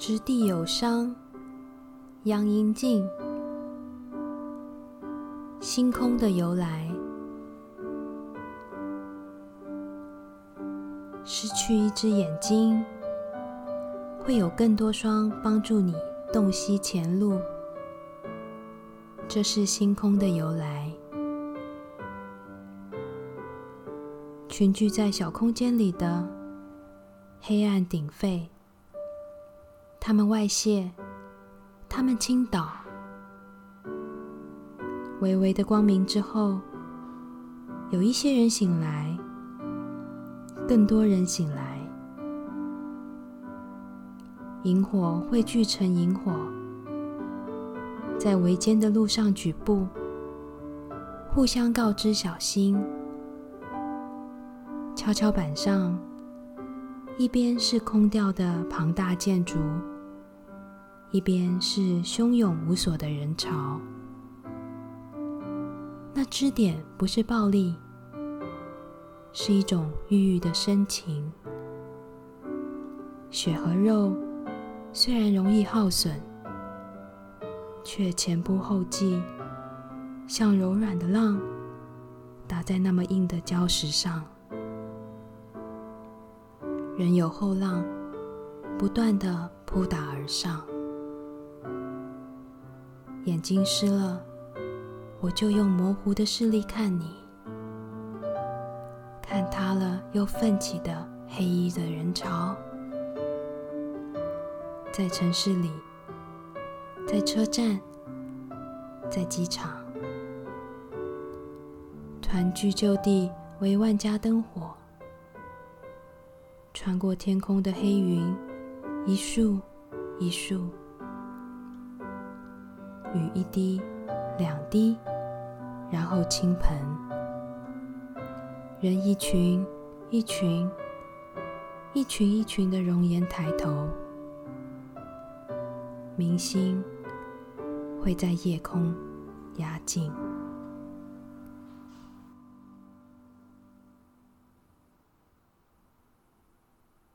擲地有傷，楊瀅靜。星空的由來：失去一隻眼睛，會有更多雙幫助你洞悉前路。這是星空的由來。群聚在小空間裡的黑暗鼎沸。他們外泄，他們傾倒。微微的光明之後，有一些人醒來，更多人醒來。螢火匯聚成螢火，在危艱的路上舉步，互相告知小心。蹺蹺板上。一邊是空掉的龐大建築，一邊是洶湧無所的人潮。那支點不是暴力，是一種鬱鬱的深情。血和肉雖然容易耗損，卻前仆後繼，像柔軟的浪打在那麼硬的礁石上。仍有後浪不斷地撲打而上，眼睛濕了，我就用模糊的視力看你，看塌了又奮起的黑衣的人潮，在城市裡，在車站，在機場，團聚就地為萬家燈火。穿過天空的黑雲，一束一束，雨一滴兩滴，然後傾盆。人一群一群，一群一群的容顏抬頭，明星會在夜空壓境。